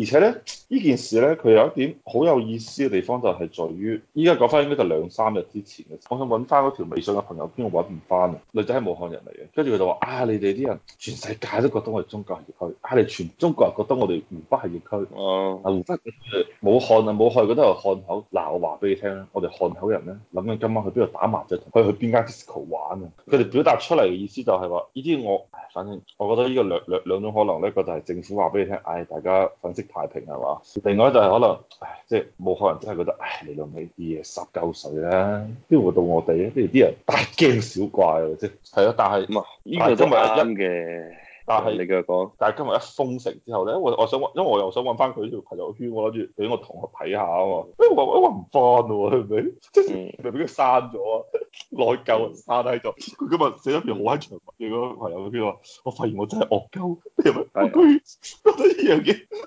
而且咧，依件事咧，佢有一點好有意思嘅地方，就係在於依家講翻應該就兩三日之前嘅。我想揾翻嗰條微信嘅朋友圈，揾唔翻啊！女仔係武漢人嚟嘅，跟住佢就話：啊，你哋啲人全世界都覺得我哋中國係疫區，啊，你全中國人覺得我哋湖北係疫區。哦。啊，湖北、武漢啊，武漢嗰啲係漢口。嗱，我話俾你聽啦，我哋漢口人咧，諗緊今晚去邊度打麻將麻雀，去去邊間 disco 玩啊！佢哋表達出嚟嘅意思就係話：呢啲我，反正我覺得呢個兩兩兩種可能咧，一個就係政府話俾你聽，唉，大家分析。太平係嘛？另外就係可能，唉即係冇可能真係覺得，唉，你老味啲嘢十嚿水啦，邊會到我哋咧？跟住啲人大驚小怪喎，即係。係啊，但係，依個都係陰嘅。但係是是你繼續講。但係今日一封城之後咧，我我想，因為我又想揾翻佢條朋友圈，我諗住俾我同學睇下啊嘛。我我唔翻喎，係咪？即係俾佢刪咗啊，內疚啊，刪低度。佢今日寫咗條好閪長文嘅嗰個朋友，佢話：我發現我真係惡鳩，係咪、啊？我居然做咗呢樣嘢。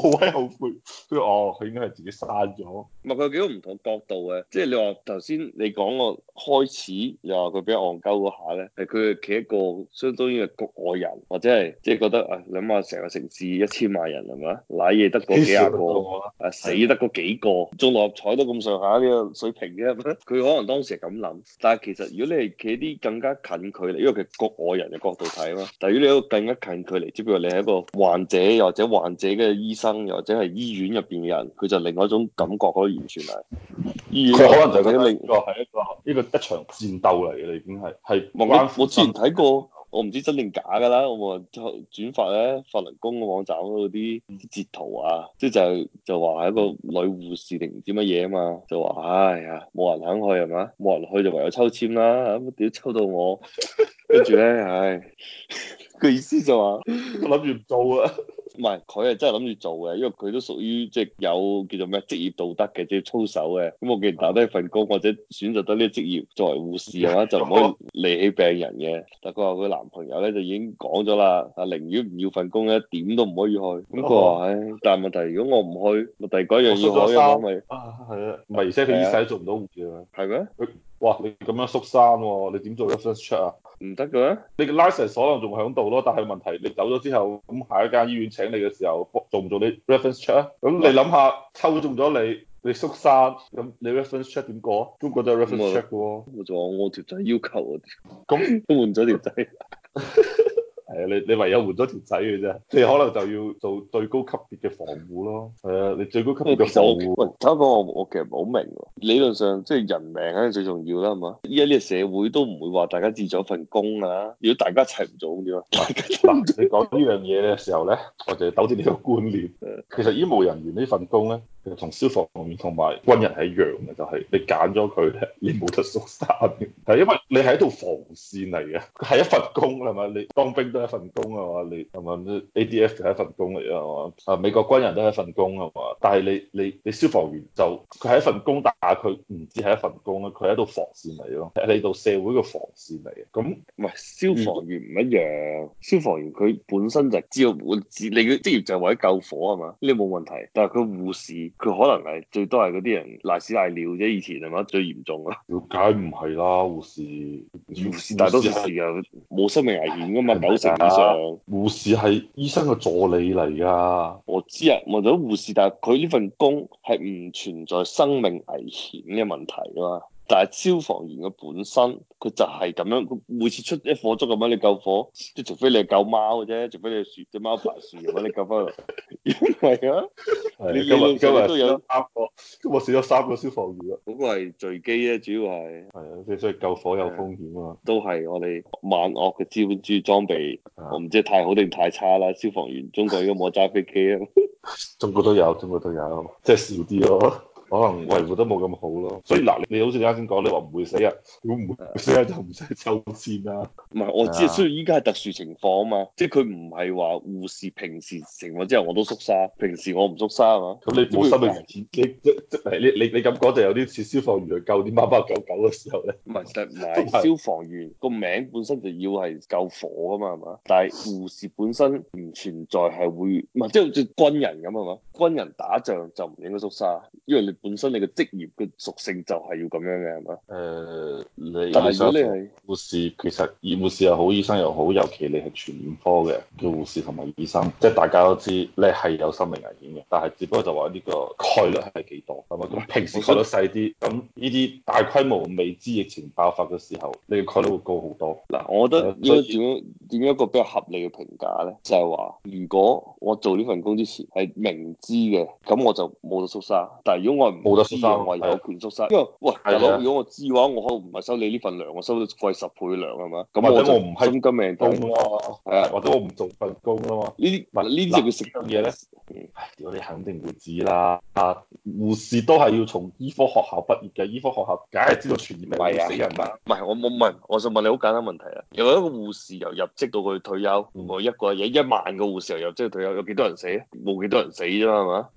好鬼後悔，所以哦，佢應該係自己刪咗。唔係佢有幾多唔同角度嘅，即係你話頭先你講個開始又，又話佢俾戇鳩嗰下咧，係佢係企一個相當於係局外人，或者係即係覺得啊，諗下成個城市一千萬人係咪啊，瀨嘢得嗰幾廿個，啊死得嗰幾個，中六合彩都咁上下呢個水平嘅。佢可能當時係咁諗。但係其實如果你係企啲更加近距離，因為佢局外人嘅角度睇啊嘛。但如果你一個更加近距離，只不過你係一個患者，又或者患者嘅醫生。生又或者係醫院入邊嘅人，佢就另外一種感覺，可以完全係。醫院。可能就另覺得，係一個呢個一場戰鬥嚟嘅，已經係。係。我之前睇過，我唔知真定假噶啦。我話轉發咧，法輪功嘅網站嗰啲截圖啊，即係就就話係一個女護士定唔知乜嘢啊嘛，就話唉、哎、呀，冇人肯去係嘛，冇人去就唯有抽簽啦。咁點抽到我，跟住咧，唉、哎，個、哎、意思就話、是、 我諗住唔做啊。唔係，佢係真係諗住做嘅，因為佢都屬於即係有叫做咩職業道德嘅，即係操守嘅。咁我既然打低份工，或者選擇咗呢個職業作為護士啊嘛，就唔可以離棄病人嘅。但佢話佢男朋友咧就已經講咗啦，啊寧願唔要份工咧，一點都唔可以去。咁佢話唉，但係問題如果我唔去，我第嗰一樣要改啊咪啊係啊，唔係而且佢一世都做唔到，唔住啊，係咩嗎？哇！你咁樣縮沙喎、哦，你點做 reference check 啊？唔得嘅，你嘅 license 可能仲喺度咯，但係問題你走咗之後，咁下一間醫院請你嘅時候，做唔做你 reference check 啊？咁你諗下抽中咗你，你縮沙，咁你 reference check 點過？都覺得 reference check 嘅喎、啊，我仲按條仔要求啊，咁都樣換咗條仔。 誒，你你唯有換咗條仔嘅啫，即係可能就要做最高級別嘅防護咯。係啊，你最高級別嘅防護。不過我我，我其實唔係好明喎。理論上即係人命肯定最重要啦，係嘛？依家呢個社會都唔會話大家自咗份工啊，如果大家一齊唔做點啊？大 你講呢樣嘢嘅時候咧，我哋糾正呢個觀念。其實醫務人員呢份工咧。同消防員同埋軍人係一樣嘅，就係、是、你揀咗佢咧，你冇得縮山係因為你係一度防線嚟嘅，佢係一份工係嘛？你當兵都係一份工啊嘛？你同埋 A D F 都係一份工嚟啊嘛？啊，美國軍人都係一份工啊嘛？但係你你你消防員就佢係一,一份工，但係佢唔止係一份工咯，佢係一度防線嚟咯，喺度社會嘅防線嚟嘅。咁唔係消防員唔一樣，消防員佢、嗯、本身就係知道，本職你嘅職業就係為咗救火啊嘛，呢冇問題。但係佢護士。佢可能係最多係嗰啲人瀨屎瀨尿啫，以前係嘛最嚴重啦。了解唔係啦，護士，護士大多數時間冇生命危險噶嘛，是是啊、九成以上。護士係醫生嘅助理嚟噶。我知啊，望到護士，但係佢呢份工係唔存在生命危險嘅問題噶嘛。但係消防員嘅本身，佢就係咁樣，佢每次出一火燭咁樣，你救火，即係除非你係救貓嘅啫，除非你樹隻貓爬樹咁樣，你救翻落，係 啊， 你今日救日都有三個，今日死咗三個消防員啦，咁係墜機啊，主要係係啊，所以救火有風險啊，都係我哋萬惡嘅資本主義裝備，我唔知太好定太差啦。消防員，中國應該冇揸飛機啊，中國都有，中國都有，即係少啲咯。可能維護得冇咁好咯，所以嗱，你好似啱先講，你話唔會死人啊，如果唔會死人啊就唔使抽線啦啊。唔係，我知，雖然依家係特殊情況啊嘛，即係佢唔係話護士平時成日之後我都縮沙，平時我唔縮沙啊嘛。咁你冇收你你你你咁講就有啲似消防員去救啲八八九九嘅時候咧。唔係，實唔係消防員個名本身就要係救火啊嘛，係嘛？但係護士本身唔存在係會唔係即係好似軍人咁係嘛？軍人打仗就唔應該縮沙，因為你。本身你嘅職業嘅屬性就係要咁樣嘅係嘛？誒、呃，你想但係如果你係護士，其實而護士又好，醫生又好，尤其你係全科嘅叫護士同埋醫生，即係大家都知你係有生命危險嘅，但係只不過就話呢個概率係幾多係嘛？咁、嗯嗯、平時概率細啲，咁呢啲大規模未知疫情爆發嘅時候，你嘅概率會高好多。嗱、嗯嗯，我覺得要點？點一個比較合理嘅評價咧？就係、是、話，如果我做呢份工之前係明知嘅，咁我就冇得縮沙。但係如果我冇得縮沙，我有權縮沙。因為，的因為喂，大佬的，如果我知嘅話，我可唔係收你呢份糧，我收貴十倍糧係嘛？咁我唔係咁金命工，係啊，或者我唔、啊、的做份工啦嘛、啊？些是會呢啲唔係呢啲要食乜嘢咧？屌你、哎、肯定會知啦。護士都係要從醫科學校畢業嘅，醫科學校梗係知道傳染病死人㗎。唔係我冇問，我想問你好簡單問題啊。有一個護士由入。到佢退休，我一個有一萬個護士又即係退休，有幾多人死？冇幾多人死啫係嘛？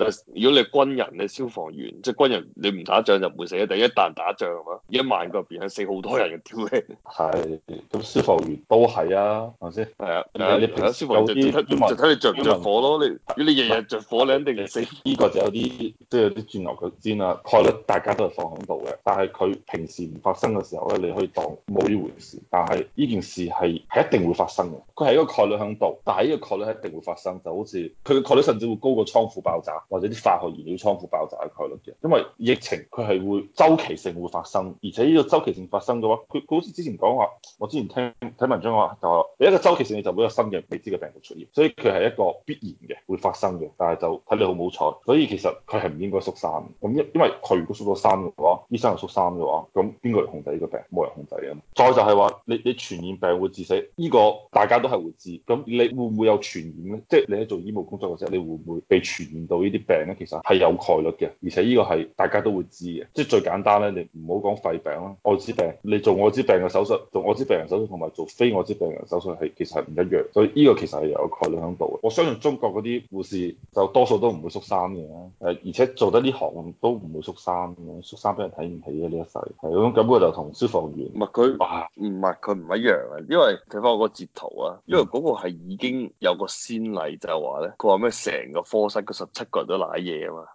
但如果你軍人咧、你消防員即係、就是、軍人，你唔打仗就唔會死嘅。但一旦打仗啊嘛，一萬個邊係死好多人嘅。屌解？係咁，消防員都係啊，係咪先？係啊的，但係你平時有啲就睇你着唔着火咯。你如果你日日着火，你肯定死。呢的 個就有啲即係有啲轉牛角尖啦。概率大家都係放喺度嘅，但係佢平時唔發生嘅時候咧，你可以當冇呢回事。但係呢件事係係一定會發生嘅，佢係一個概率喺度，但係呢個概率係一定會發生，就好似佢嘅概率甚至會高過倉庫。爆炸或者啲化學燃料倉庫爆炸嘅概率嘅，因為疫情佢係會週期性會發生，而且呢個週期性發生嘅話，佢好似之前講話，我之前聽睇文章話，就話，你一個週期性你就會有新嘅未知嘅病毒出現，所以佢係一個必然嘅會發生嘅，但係就睇你好唔好彩。所以其實佢係唔應該縮三咁，因為佢如果縮到三嘅話，醫生又縮三嘅話，咁邊個嚟控制呢個病？冇人控制啊！再就係話你你傳染病會致死，呢個大家都係會知，咁你會唔會有傳染咧？即係你喺做醫務工作嘅時候，你會唔會被傳染。到呢啲病咧，其實係有概率嘅，而且呢個係大家都會知嘅，即係最簡單咧，你唔好講肺病啦，愛滋病，你做愛滋病嘅手術，做愛滋病人手術同埋做非愛滋病人手術係其實係唔一樣。所以呢個其實係有概率喺度嘅。我相信中國嗰啲護士就多數都唔會縮三嘅，誒，而且做得呢行都唔會縮三嘅，縮三俾人睇唔起嘅呢一世，係嗰種感覺就同消防員唔係佢啊，唔係佢唔一樣嘅，因為睇翻我個截圖啊，因為嗰個係已經有個先例就係話咧，佢話咩成個科室七個人都瀨嘢啊嘛，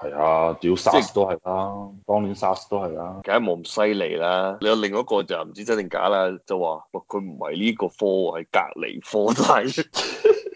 係啊，屌 SARS, S, 即 都係啦、啊，當年 SARS 都係啦、啊，梗係冇咁犀利啦。你有另一個就唔知真定假啦，就話，佢唔係呢個科，係隔離科，但係。係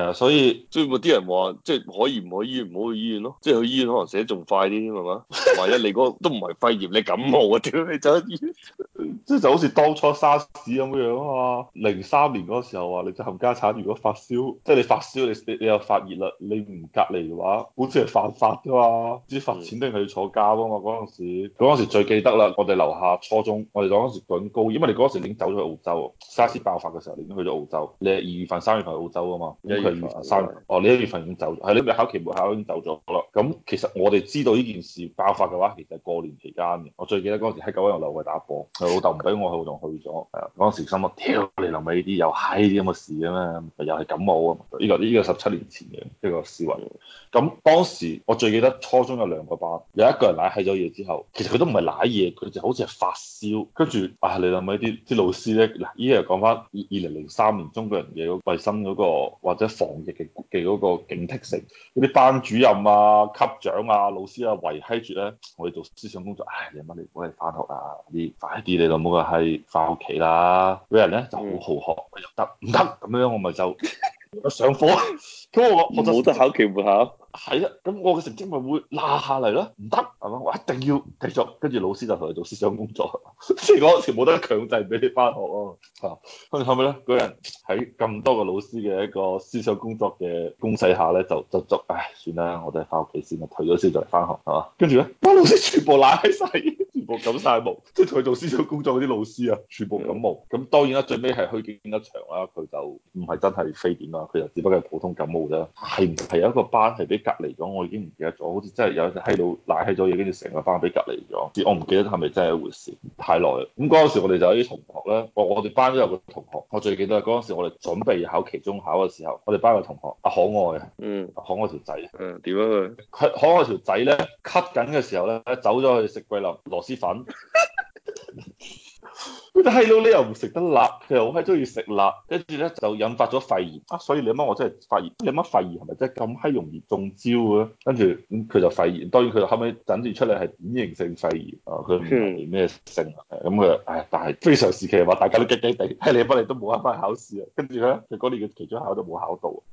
啊，所以所以啲人話，即係可以唔可以唔好去醫院咯，即係去醫院可能死得仲快啲係嘛？ 或者你嗰個都唔係肺炎，你感冒啊，屌你走醫院。 即係就好似當初沙士咁樣啊嘛，零三年嗰時候啊，你冚家產，如果發燒，即係你發燒，你你你又發熱啦，你唔隔離嘅話，好似係犯法噶嘛、啊，知罰錢定係要坐監啊嘛？嗰陣時，嗰、嗯、時最記得啦，我哋樓下初中，我哋嗰陣時緊高，因為你嗰陣時已經走咗去澳洲，沙士爆發嘅時候你已經去咗澳洲，你係二月份、三月份去澳洲啊嘛，因咁佢二月份、三月，月哦，你一月份已經走，係、嗯、你咪考期末考期已經走咗啦。咁其實我哋知道呢件事爆發嘅話，其實過年期間嘅，我最記得嗰陣時喺九彎樓嘅打波，佢老豆。唔俾我去，仲去咗。係啊，嗰陣時心諗：屌，你老味啲又閪啲咁嘅事嘅咩？又係感冒啊！依、這個依個十七年前嘅一、這個思維。咁當時我最記得初中有兩個班，有一個人瀨閪咗嘢之後，其實佢都唔係瀨嘢，佢就好似係發燒。跟住啊，你老味啲啲老師咧，嗱依個講翻二零零三年中國人嘅嗰、那個衞生嗰個或者防疫嘅嘅嗰個警惕性，嗰啲班主任啊、級長啊、老師啊圍閪住咧，我哋做思想工作，唉、哎，你乜你唔好嚟返學啊！你快啲你老～冇係翻屋企啦，嗰人咧就好好學，又得唔得？咁樣我咪就上課。咁 我我就，冇得考期末考，係啦。 咁我嘅成績咪會拉下嚟咯？唔得係嘛，我一定要繼續。跟住老師就同佢做思想工作，即係陣時冇得強制俾你翻學咯。啊，跟住後尾咧，嗰人喺咁多個老師嘅一個思想工作嘅攻勢下咧，就執足唉，算啦，我哋翻屋企先啦，退咗先再嚟翻學係嘛。跟住咧，班老師全部賴晒。 全部感晒冒，即係同佢做思想工作嗰啲老師啊，全部感冒。咁、嗯、當然啦，最尾係虛驚一場啦，佢就唔係真係非典啦，佢就只不過係普通感冒啫。係唔係有一個班係被隔離咗？我已經唔記得咗，好似真係有隻喺度賴喺咗嘢，跟住成個班被隔離咗。我唔記得係咪真係一回事，太耐。咁嗰陣時我、哦，我哋就啲同學咧，我我哋班都有個同學，我最記得嗰陣、那個、時，我哋準備考期中考嘅時候，我哋班嘅同學阿可愛啊，嗯，可愛條仔，嗯，點啊佢？佢可愛條仔咧咳緊嘅時候咧，走咗去食桂林螺啲粉， 但係咯，你又唔食得辣，佢又好閪中意食辣，跟住咧就引發咗肺炎啊！所以你阿媽我真係肺、啊嗯、肺炎，你乜肺炎係咪真係咁閪容易中招啊？跟住佢就肺炎，當然佢就後尾診斷出嚟係典型性肺炎啊！佢唔係咩性啊咁啊，唉，但係非常時期話，大家都驚驚地，喺你阿媽你都冇得翻考試啊！跟住咧，佢嗰年嘅其中考就冇考到。